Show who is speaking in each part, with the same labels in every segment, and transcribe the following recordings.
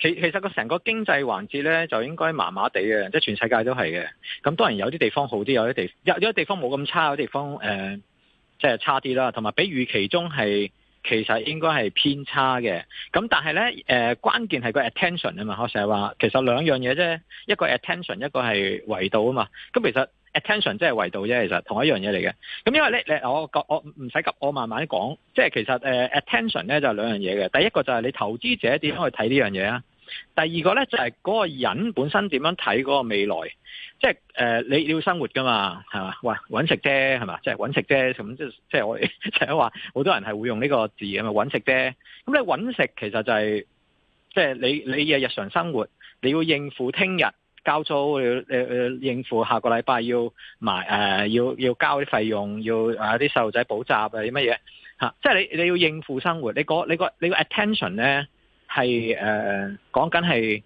Speaker 1: 其其實成個經濟環節咧，就應該麻麻地嘅，即係全世界都係嘅。咁當然有啲地方好啲，有啲地有有啲地方冇咁差，有啲地方誒即係差啲啦。同埋比預期中係其實應該係偏差嘅。咁但係咧誒，關鍵係個 attention 啊嘛，我成日話其實兩樣嘢啫，一個 attention，一個係維度啊嘛。咁其實。attention 即係維度啫，其實同一樣嘢嚟嘅。咁因為咧，我我唔使急，我慢慢講。即係其實 attention 咧就係兩樣嘢嘅。第一個就係你投資者點樣去睇呢樣嘢啊？第二個咧就係嗰個人本身點樣睇嗰個未來。即係誒你要生活噶嘛，係嘛？話搵食啫係嘛？即係搵食啫，咁即即係我哋成日話，好多人係會用呢個字嘅嘛，揾食啫。咁你搵食其實就係即係你你嘅日常生活，你要應付聽日。交租要誒誒應付下個禮拜要埋誒、呃、要要交啲費用要啊啲細路仔補習啊啲乜嘢吓，即係你你要應付生活，你、那個你個你個 attention 咧係誒講緊係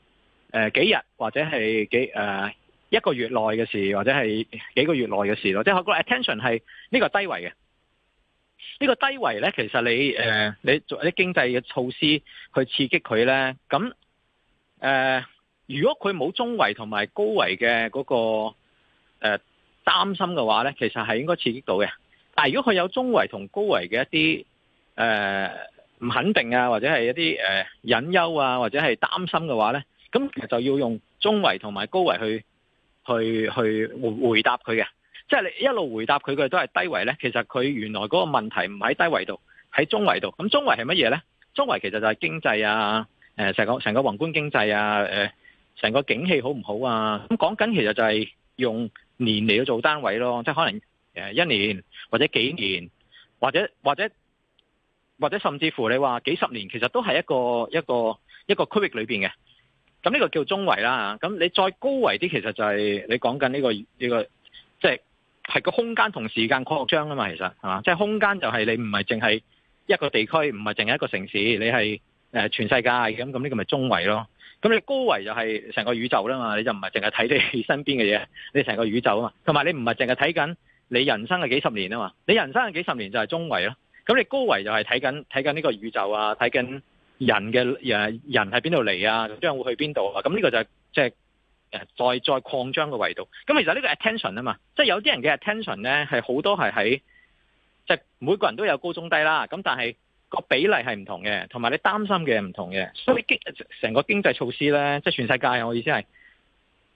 Speaker 1: 誒幾日或者係幾誒、呃、一個月內嘅事或者係幾個月內嘅事咯，即、就、係、是這個 attention 係呢個低緯嘅，呢個低緯咧其實你誒、呃、你做一啲經濟嘅措施去刺激佢咧，咁誒。呃如果佢冇中圍同埋高圍嘅嗰個誒擔心嘅話呢，其實係應該刺激到嘅。但係如果佢有中圍同高圍嘅一啲誒唔肯定啊，或者係一啲誒隱憂啊，或者係擔心嘅話呢，咁其實就要用中圍同埋高圍去去去回回答佢嘅。即係你一路回答佢嘅都係低圍呢。其實佢原來嗰個問題唔喺低圍度，喺中圍度。咁中圍係乜嘢呢？中圍其實就係經濟啊，誒成個成個宏觀經濟啊，誒。成個景氣好唔好啊？咁講緊其實就係用年嚟去做單位咯，即係可能誒一年或者幾年，或者或者或者甚至乎你話幾十年，其實都係一個一個一個區域裏面嘅。咁呢個叫中維啦。咁你再高維啲，其實就係你講緊呢個呢、這個即係、就是、個空間同時間擴張啊嘛。其實係嘛，即係、就是、空間就係你唔係淨係一個地區，唔係淨係一個城市，你係。誒，全世界咁，咁呢個咪中維咯？咁你高維就係成個宇宙啦嘛，你就唔係淨係睇你身邊嘅嘢，你成個宇宙啊嘛，同埋你唔係淨係睇緊你人生嘅幾十年啊嘛，你人生嘅幾十年就係中維咯。咁你高維就係睇緊睇緊呢個宇宙啊，睇緊人嘅誒人喺邊度嚟啊，將會去邊度啊？咁呢個就係即係誒再再擴張嘅維度。咁其實呢個 attention 啊嘛，即係有啲人嘅 attention 咧係好多係喺即係每個人都有高中低啦。咁但係。個比例係唔同嘅，同埋你擔心嘅唔同嘅，所以經成個經濟措施咧，即係全世界，我意思係，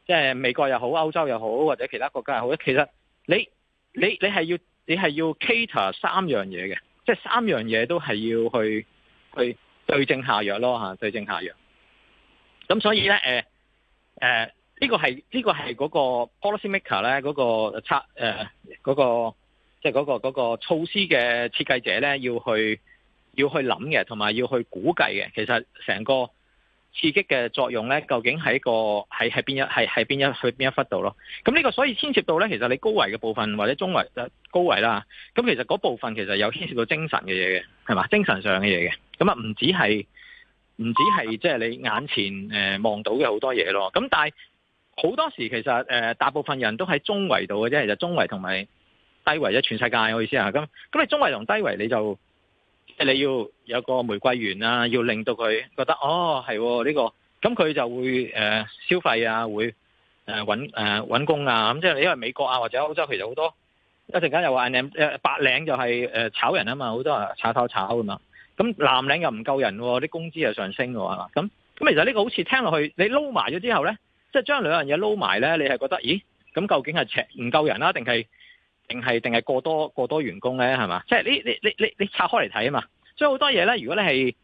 Speaker 1: 即係美國又好，歐洲又好，或者其他國家又好，其實你你你係要你係要 cater 三樣嘢嘅，即係三樣嘢都係要去去對症下藥咯吓、啊，對症下藥。咁所以咧，誒、呃、誒，呢、這個係呢、這個係嗰個 policy maker 咧，嗰、那個測誒嗰個即係嗰個嗰、那個措施嘅設計者咧要去。要去諗嘅，同埋要去估計嘅，其實成個刺激嘅作用咧，究竟喺個係係邊一係係邊一去邊一忽度咯？咁呢個所以牽涉到咧，其實你高維嘅部分或者中維就高維啦。咁其實嗰部分其實有牽涉到精神嘅嘢嘅，係嘛？精神上嘅嘢嘅，咁啊唔止係唔止係即係你眼前誒望、呃、到嘅好多嘢咯。咁但係好多時其實誒、呃、大部分人都喺中維度嘅啫，其實中維同埋低維即係全世界我意思啊。咁咁你中維同低維你就，即係你要有個玫瑰園啊，要令到佢覺得哦係呢、呢個，咁佢就會誒、呃、消費啊，會誒揾誒揾工啊，咁即係因為美國啊或者歐洲其實好多一陣間又話白領就係誒炒人啊嘛，好多人炒炒炒嘅嘛，咁藍領又唔夠人、啊，啲工資又上升喎、啊，嘛，咁咁其實呢個好似聽落去你撈埋咗之後呢，即係將兩樣嘢撈埋呢，你係覺得咦咁究竟係赤唔夠人啊定係？定係定係過多過多員工咧，係嘛？即係你你你你，你拆開嚟睇啊嘛！所以好多嘢咧，如果你係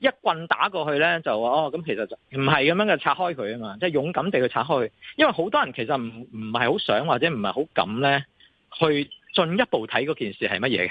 Speaker 1: 一棍打過去咧，就哦咁，其實唔係咁樣嘅拆開佢啊嘛！即係勇敢地去拆開。因為好多人其實唔唔係好想或者唔係好敢咧去進一步睇嗰件事係乜嘢嘅。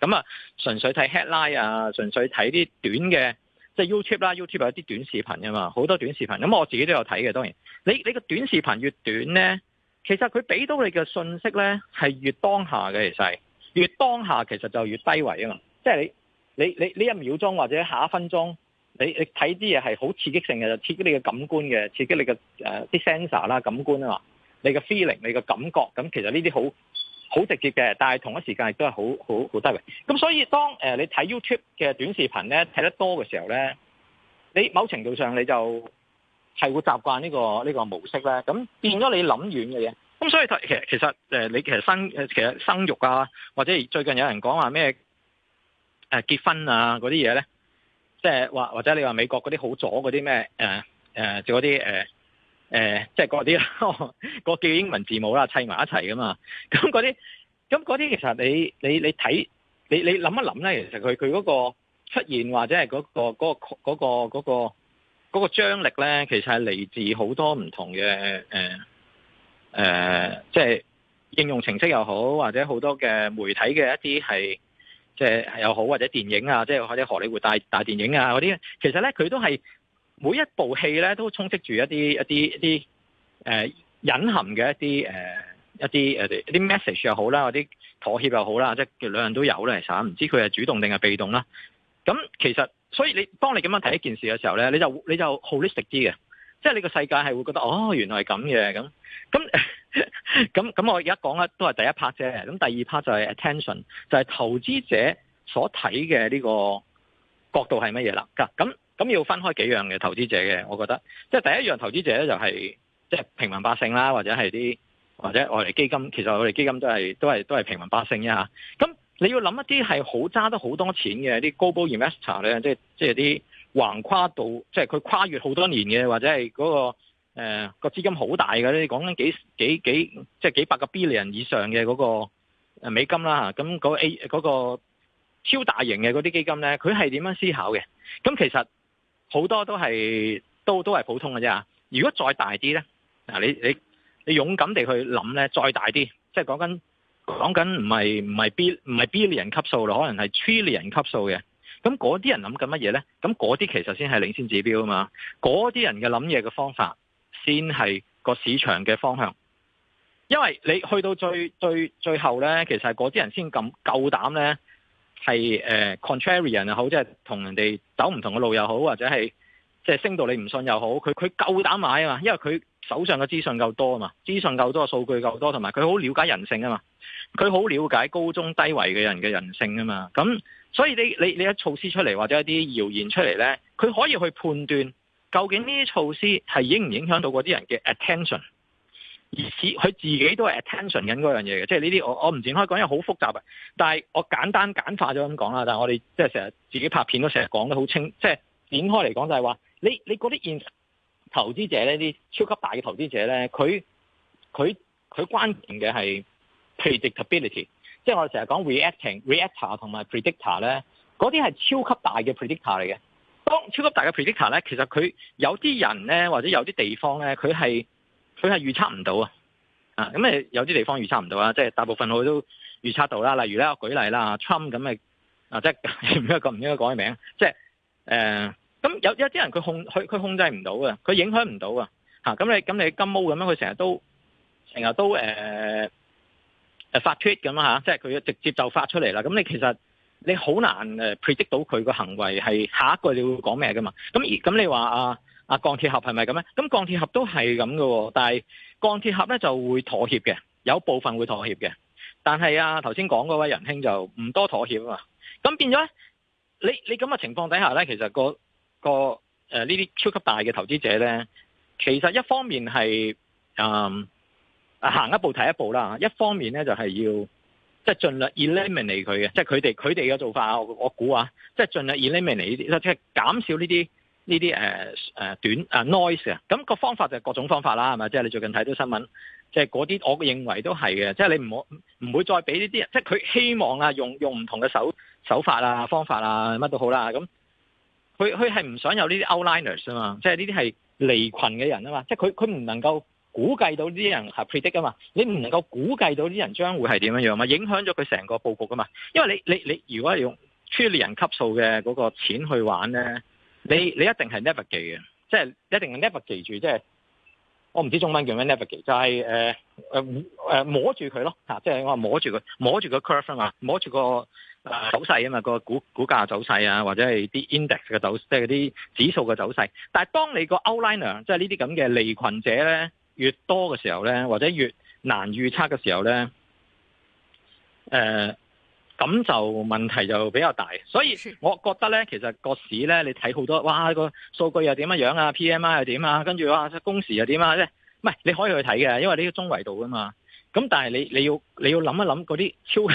Speaker 1: 咁啊，純粹睇 headline 啊，純粹睇啲短嘅，即係 YouTube 啦，YouTube 有啲短視頻啊嘛，好多短視頻。咁我自己都有睇嘅，當然你你個短視頻越短咧。其實佢俾到你嘅信息呢，係越當下嘅，其實越當下，其實就越低維啊嘛！即係你你你，你一秒鐘或者下一分鐘，你你睇啲嘢係好刺激性嘅，刺激你嘅感官嘅，刺激你嘅誒啲 sensor 啦感官啊嘛，你嘅 feeling，你嘅感覺，咁其實呢啲好好直接嘅，但係同一時間亦都係好好好低維。咁所以當誒、呃、你睇 YouTube 嘅短視頻呢，睇得多嘅時候呢，你某程度上你就，係會習慣呢個呢個模式咧，咁變咗你諗遠嘅嘢，咁所以其實其實誒、呃，你其實生誒，其實生育啊，或者最近有人講話咩誒結婚啊嗰啲嘢咧，即係話或者你話美國嗰啲好左嗰啲咩誒誒，就嗰啲誒誒，即係嗰啲個叫英文字母啦，砌埋一齊噶嘛，咁嗰啲咁嗰啲其實你你你睇你你諗一諗咧，其實佢佢嗰個出現或者係嗰個嗰個嗰個嗰個。那個那個那個嗰個張力咧，其實係嚟自好多唔同嘅誒誒，即係應用程式又好，或者好多嘅媒體嘅一啲係即係又好，或者電影啊，即係或者荷里活大大電影啊嗰啲，其實咧佢都係每一部戲咧都充斥住一啲一啲一啲誒、呃、隱含嘅一啲誒、呃、一啲誒啲 message 又好啦，嗰啲妥協又好啦，即係兩樣都有咧，其實唔知佢係主動定係被動啦。咁其實。所以你當你咁樣睇一件事嘅時候咧，你就你就 holistic 啲嘅，即係你個世界係會覺得哦，原來係咁嘅咁咁咁咁， 我而家講咧都係第一 part 啫。咁第二 part 就係 attention，就係投資者所睇嘅呢個角度係乜嘢啦？咁咁要分開幾樣嘅投資者嘅，我覺得即係第一樣投資者咧就係即係平民百姓啦，或者係啲或者我哋基金，其實我哋基金都係都係都係平民百姓一下咁。你要諗一啲係好揸得好多錢嘅啲 Global Investor 咧，即係即係啲橫跨度，即係佢跨越好多年嘅，或者係、那、嗰個誒個、呃、資金好大嘅，呢講緊幾幾即係幾、就是、幾百個 billion 以上嘅嗰個美金啦嚇。咁嗰 A 個超大型嘅嗰啲基金咧，佢係點樣思考嘅？咁其實好多都係都都係普通嘅啫嚇。如果再大啲咧，嗱你你你勇敢地去諗咧，再大啲，即係講緊。講緊唔係唔係 b 唔係 billion 級數咯，可能係 trillion 級數嘅。咁嗰啲人諗緊乜嘢咧？咁嗰啲其實先係領先指標啊嘛。嗰啲人嘅諗嘢嘅方法，先係個市場嘅方向。因為你去到最最最後咧，其實嗰啲人先咁夠膽咧，係誒、uh, contrarian 又好，即係同人哋走唔同嘅路又好，或者係即係升到你唔信又好，佢佢夠膽買啊嘛，因為佢。手上嘅資訊夠多啊嘛，資訊夠多，數據夠多，同埋佢好了解人性啊嘛，佢好了解高中低緯嘅人嘅人性啊嘛，咁所以你你你一措施出嚟或者一啲謠言出嚟咧，佢可以去判斷究竟呢啲措施係影唔影響到嗰啲人嘅 attention，而此佢自己都係 attention 緊嗰樣嘢嘅，即係呢啲我我唔展開講，因為好複雜呀，但係我簡單簡化咗咁講啦，但係我哋即係成日自己拍片都成日講得好清，即係展開嚟講就係話你你嗰啲現。投資者呢啲超級大嘅投資者咧，佢佢佢關鍵嘅係 predictability，即係我哋成日講 reacting reactor、reactor 同埋 predictor 咧，嗰啲係超級大嘅 predictor 嚟嘅。當超級大嘅 predictor 咧，其實佢有啲人咧，或者有啲地方咧，佢係佢係預測唔到啊。啊，咁誒有啲地方預測唔到啊，即係大部分我都預測到啦。例如咧，我舉例啦，Trump 咁誒啊，即係唔應該講唔應該講嘅名，即係誒。呃咁有一啲人佢控佢佢控制唔到嘅，佢影響唔到嘅嚇。咁、啊、你咁你金毛咁樣，佢成日都成日都誒誒、呃、發 tweet 咁啊，即係佢直接就發出嚟啦。咁你其實你好難誒 predict 到佢個行為，係下一句你會講咩㗎嘛？咁、啊、咁你話啊阿、啊、鋼鐵俠係咪咁咧？咁、啊、鋼鐵俠都係咁嘅喎，但係鋼鐵俠咧就會妥協嘅，有部分會妥協嘅。但係啊頭先講嗰位仁兄就唔多妥協啊嘛。咁變咗咧，你你咁嘅情況底下咧，其實個個誒呢啲超級大嘅投資者咧，其實一方面係誒行一步睇一步啦。一方面咧就係要即係盡量 eliminate 佢嘅，即係佢哋佢哋嘅做法，我我估啊，即係盡量 eliminate 呢啲，即係減少呢啲呢啲誒誒短誒 noise 啊。咁個方法就係各種方法啦，係咪？即係你最近睇到新聞，即係嗰啲我嘅認為都係嘅，即係你唔好唔會再俾呢啲人，即係佢希望啊用用唔同嘅手手法啊方法啊乜都好啦咁。佢佢係唔想有呢啲 outliners 啊嘛，即係呢啲係離群嘅人啊嘛，即係佢佢唔能夠估計到呢啲人係 predict 啊嘛，你唔能夠估計到呢啲人將會係點樣樣嘛，影響咗佢成個佈局啊嘛，因為你你你如果係用 trillion 級數嘅嗰個錢去玩咧，你你一定係 never 記嘅，即係一定係 never 記住，即係我唔知中文叫咩 never 記，就係誒誒誒摸住佢咯嚇，即係我話摸住佢摸住個 curve 啊嘛，摸住個。走勢啊嘛，個股股價走勢啊，或者係啲 index 嘅走勢，即係嗰啲指數嘅走勢。但係當你個 outliner，即係呢啲咁嘅離群者咧，越多嘅時候咧，或者越難預測嘅時候咧，誒、呃，咁就問題就比較大。所以我覺得咧，其實個市咧，你睇好多，哇，個數據又點樣啊？PMI 又點啊？跟住哇，工時又點啊？即係唔係？你可以去睇嘅，因為呢個中緯度噶嘛。咁但係你你要你要諗一諗嗰啲超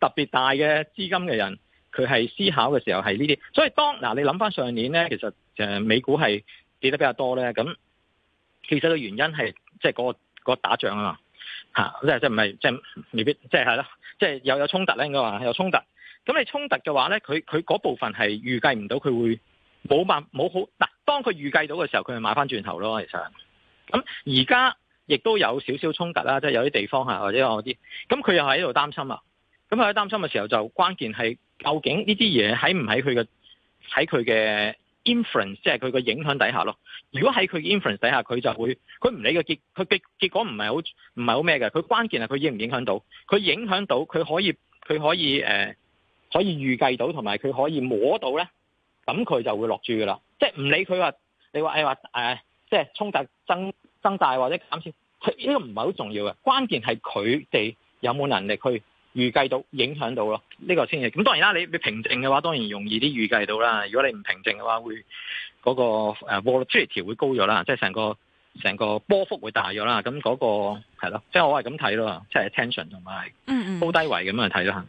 Speaker 1: 特別大嘅資金嘅人，佢係思考嘅時候係呢啲。所以當嗱、啊、你諗翻上年咧，其實誒、啊、美股係跌得比較多咧。咁其實個原因係即係嗰個嗰、嗰個打仗啊嘛吓，即係即係唔係即係未必，即係係咯，即係又有衝突咧，應該話係有衝突。咁你衝突嘅話咧，佢佢嗰部分係預計唔到，佢會冇冇好嗱、啊。當佢預計到嘅時候，佢係買翻轉頭咯。其實咁而家。亦都有少少衝突啦，即係有啲地方呀，或者我啲，咁佢又喺度擔心啊。咁佢喺擔心嘅時候，就關鍵係究竟呢啲嘢喺唔喺佢嘅喺佢嘅 influence，即係佢嘅影響底下咯。如果喺佢 influence 底下，佢就會佢唔理個結，佢結果唔係好唔係好咩嘅。佢關鍵係佢影唔影響到。佢影響到，佢可以佢可以、呃、可以預計到，同埋佢可以摸到咧，咁佢就會落注噶啦。即係唔理佢話你話誒話誒，即係衝突增。增大或者減少，呢、這個唔係好重要嘅。關鍵係佢哋有冇能力去預計到影響到咯？呢、這個先係。咁當然啦，你平靜嘅話當然容易啲預計到啦。如果你唔平靜嘅話，會嗰、那個誒 volatility 會高咗啦，即係成個成個波幅會大咗啦。咁、那、嗰個係咯，即係我係咁睇咯，即係 attention 同埋高低位咁樣睇啦嚇。嗯嗯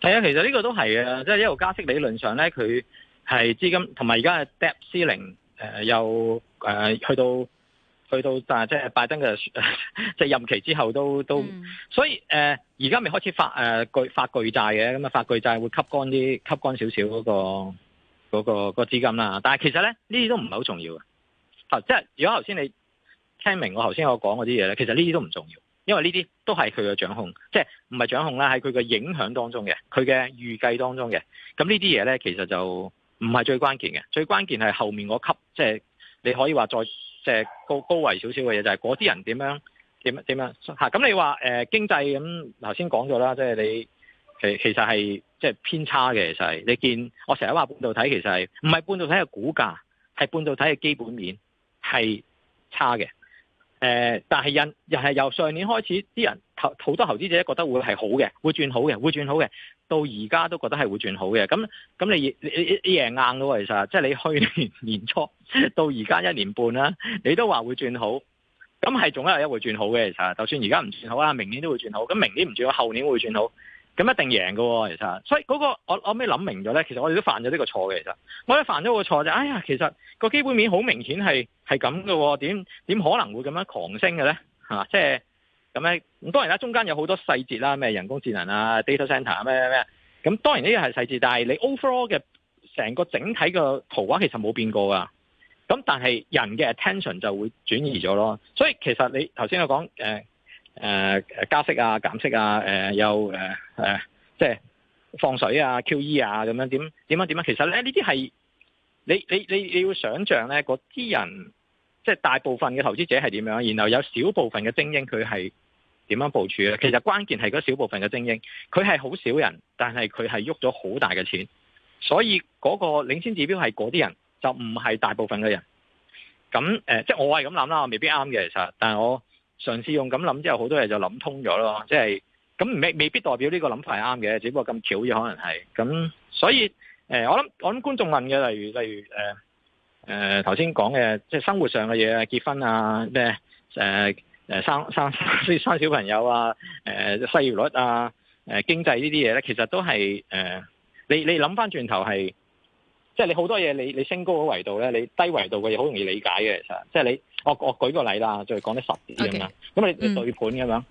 Speaker 1: 係啊，其實呢個都係嘅，即係一路加息理論上咧佢係資金，同埋而家嘅 debt ceiling 誒又誒去到去到，但係即係拜登嘅即係任期之後都都、嗯，所以誒而家未開始發誒巨、呃、發巨債嘅，咁啊發巨債會吸乾啲吸乾少少嗰個嗰個個資金啦。但係其實咧呢啲都唔係好重要啊。即係如果頭先你聽明我頭先我講嗰啲嘢咧，其實呢啲都唔重要。因為呢啲都係佢嘅掌控，即係唔係掌控啦，係佢嘅影響當中嘅，佢嘅預計當中嘅。咁呢啲嘢咧,其實就唔係最關鍵嘅，最關鍵係後面嗰級，即係你可以話再即係高高緯少少嘅嘢，就係嗰啲人點樣點樣點樣吓。咁你話誒經濟咁頭先講咗啦，即係你其其實係即係偏差嘅，其實係你見我成日話半導體其實係唔係半導體嘅股價，係半導體嘅基本面係差嘅。誒、呃，但係印又係由上年開始，啲人投好多投資者覺得會係好嘅，會轉好嘅，會轉好嘅，到而家都覺得係會轉好嘅。咁咁你你贏硬咯。其實即係你去年年初到而家一年半啦，你都話會轉好，咁係總有一日會轉好嘅。其實就算而家唔轉好啦，明年都會轉好。咁明年唔轉好，後年會轉好。咁一定贏喎。哦，其實，所以嗰、嗰個我我諗明咗咧，其實我哋都犯咗呢個錯嘅，其實，我哋犯咗個錯就，哎呀，其實個基本面好明顯係係咁嘅。點點、哦、可能會咁樣狂升嘅咧，吓，即係咁咧。當然啦，中間有好多細節啦，咩人工智能啊，data center 啊，咩咩咩，咁當然呢個係細節，但係你 overall 嘅成個整體嘅圖畫其實冇變過噶，咁但係人嘅 attention 就會轉移咗咯，所以其實你頭先我講誒、呃、誒，加息啊，減息啊，誒又誒誒，即係放水啊、QE 啊，咁樣點點樣點樣？其實咧呢啲係你你你你要想象咧，嗰啲人即係、就是、大部分嘅投資者係點樣，然後有少部分嘅精英佢係點樣部署嘅？其實關鍵係嗰少部分嘅精英，佢係好少人，但係佢係喐咗好大嘅錢，所以嗰個領先指標係嗰啲人，就唔係大部分嘅人。咁誒、呃，即係我係咁諗啦，我未必啱嘅其實，但係我。嘗試用咁諗之後，好多嘢就諗通咗咯，即係咁未未必代表呢個諗法係啱嘅，只不過咁巧嘅可能係咁，所以誒、呃，我諗我諗觀眾問嘅，例如例如誒誒頭先講嘅，即、呃、係、呃就是、生活上嘅嘢啊，結婚啊咩誒誒生生生小朋友啊誒失業率啊誒、呃、經濟呢啲嘢咧，其實都係誒、呃、你你諗翻轉頭係。即係你好多嘢，你你升高嘅維度咧，你低維度嘅嘢好容易理解嘅。其實，即係你我我舉個例啦，就講得十點咁、okay. 樣。咁、mm. 你你對盤咁樣？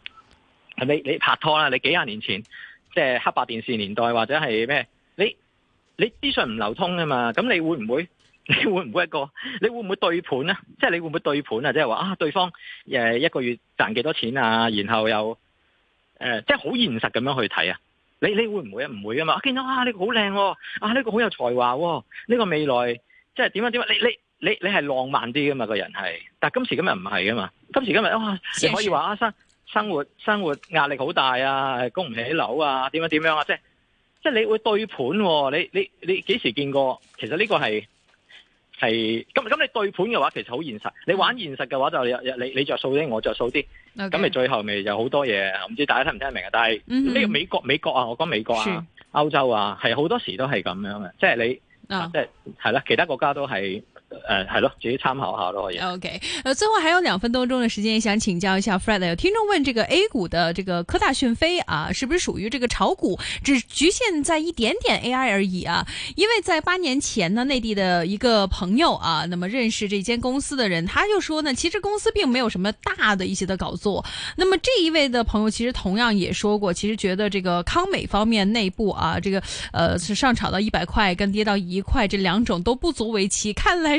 Speaker 1: 你你拍拖啦？你幾廿年前，即係黑白電視年代或者係咩？你你資訊唔流通啊嘛？咁你會唔會？你會唔會一個？你會唔會對盤咧？即係你會唔會對盤啊？即係話啊，對方誒一個月賺幾多錢啊？然後又誒、呃，即係好現實咁樣去睇啊？你你會唔會,會啊？唔會啊嘛！我見到啊，呢個好靚喎，啊呢個好有才華喎、哦，呢、呢個未來即係點樣點樣？你你你你係浪漫啲噶嘛？個人係，但係今時今日唔係噶嘛。今時今日啊你可以話啊，生生活生活壓力好大啊，供唔起樓啊，點樣點樣啊，即係即係你會對盤喎、哦。你你你幾時見過？其實呢個係。係咁咁，你對盤嘅話其實好現實。你玩現實嘅話，就你你，你，你著數啲，我着數啲，咁，okay. 咪最後咪有好多嘢。唔知大家聽唔聽得明啊？但係呢個美國美國啊，我講美國啊，mm -hmm. 歐洲啊，係好多時都係咁樣嘅，即係你，oh. 即係係啦，其他國家都係。 okay. 呃，係咯，自己參考下咯，可以。OK，
Speaker 2: 呃，最後還有兩分多鐘的時間，想請教一下 Fred，有聽眾問這個 A 股的這個科大訊飛啊，是不是屬於這個炒股？只局限在一點點 AI 而已啊？因為在八年前呢，內地的一個朋友啊，那麼認識這間公司的人，他就說呢，其實公司並沒有什麼大的一些的搞作。那麼這一位的朋友其實同樣也說過，其實覺得這個康美方面內部啊，這個，呃，是上炒到一百塊跟跌到一塊，這兩種都不足為奇。看來。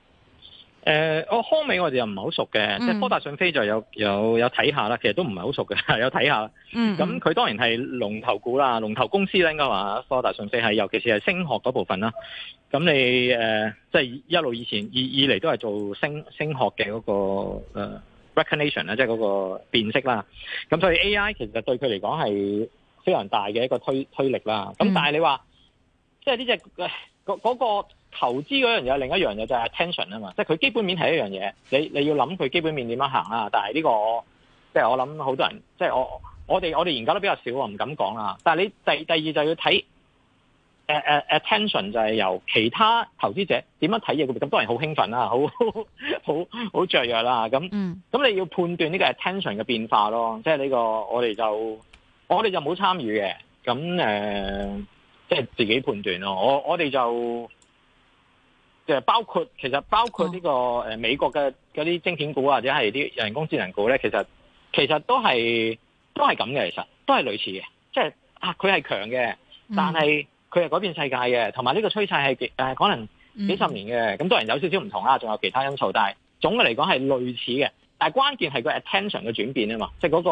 Speaker 1: 誒、呃，我、哦、康美我哋又唔係好熟嘅、嗯，即係科大訊飛就有有有睇下啦，其實都唔係好熟嘅， 有睇下。咁、嗯、佢當然係龍頭股啦，龍頭公司咧應該話科大訊飛係，尤其是係聲學嗰部分啦。咁你誒、即、呃、係、就是、一路以前以以嚟都係做聲聲學嘅嗰、那個誒、呃、recognition 啦即係嗰個辨識啦。咁所以 AI 其實對佢嚟講係非常大嘅一個推推力啦。咁、嗯、但係你話，即係呢隻嗰嗰個。投資嗰樣嘢，另一樣嘢就係 attention 啊嘛，即係佢基本面係一樣嘢，你你要諗佢基本面點樣行啊。但係呢個即係我諗好多人，即係我我哋我哋研究得比較少，我唔敢講啦。但係你第二第二就要睇、uh, uh, attention，就係由其他投資者點樣睇嘢，咁多人好興奮啦，好好好雀躍啦，咁咁你要判斷呢個 attention 嘅變化咯。即係呢個我哋就我哋就冇參與嘅，咁誒即係自己判斷咯。我我哋就。包括其實包括呢、這個誒、呃、美國嘅嗰啲晶片股、啊、或者係啲人工智能股咧，其實其實都係都係咁嘅，其實都係類似嘅，即係啊佢係強嘅，但係佢係改變世界嘅，同埋呢個趨勢係可能幾十年嘅，咁當然有少少唔同啦，仲有其他因素，但係總嘅嚟講係類似嘅。但係關鍵係個 attention 嘅轉變啊嘛，即係嗰、嗰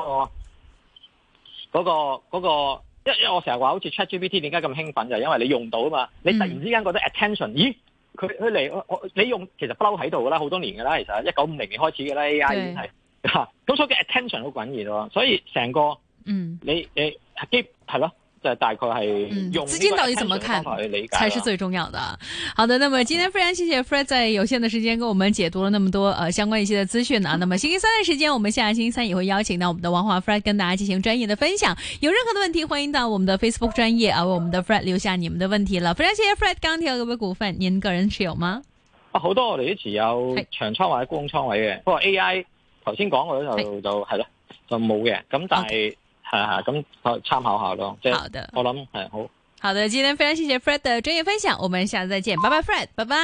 Speaker 1: 個嗰、嗰個嗰、嗰個嗰個、因為我成日話好似 ChatGPT 點解咁興奮就係、是、因為你用到啊嘛，你突然之間覺得 attention 咦？佢佢嚟，我，我你用其實不嬲喺度噶啦，好多年噶啦，其實一九五零年開始噶啦，AI 已經係吓咁，所以嘅 attention 好緊要咯，所以成個嗯你你係基係咯。就是、大概係、嗯，資金到底怎麼看，才是最重
Speaker 2: 要的、嗯。好的，那麼今天非常謝謝 Fred 在有限的時間跟我們解讀了那麼多，呃相關一些的資訊啊、嗯。那麼星期三的時間，我們下星期三也會邀請到我們的王華 Fred 跟大家進行專業的分享。有任何的問題，歡迎到我們的 Facebook 專頁啊，為我們的 Fred 留下你們的問題啦、嗯。非常謝謝 Fred 鋼鐵股份，您個人持有嗎？
Speaker 1: 啊，好多我哋一直持有長倉或者公用倉位嘅，不過 AI 頭先講過就就係咯，就冇嘅。咁但係。Okay. 係、嗯、係，咁參考下咯，即係我諗係好的、嗯、
Speaker 2: 好的。今天非常謝謝 Fred 的專業分享，我們下次再見，拜拜，Fred，拜拜。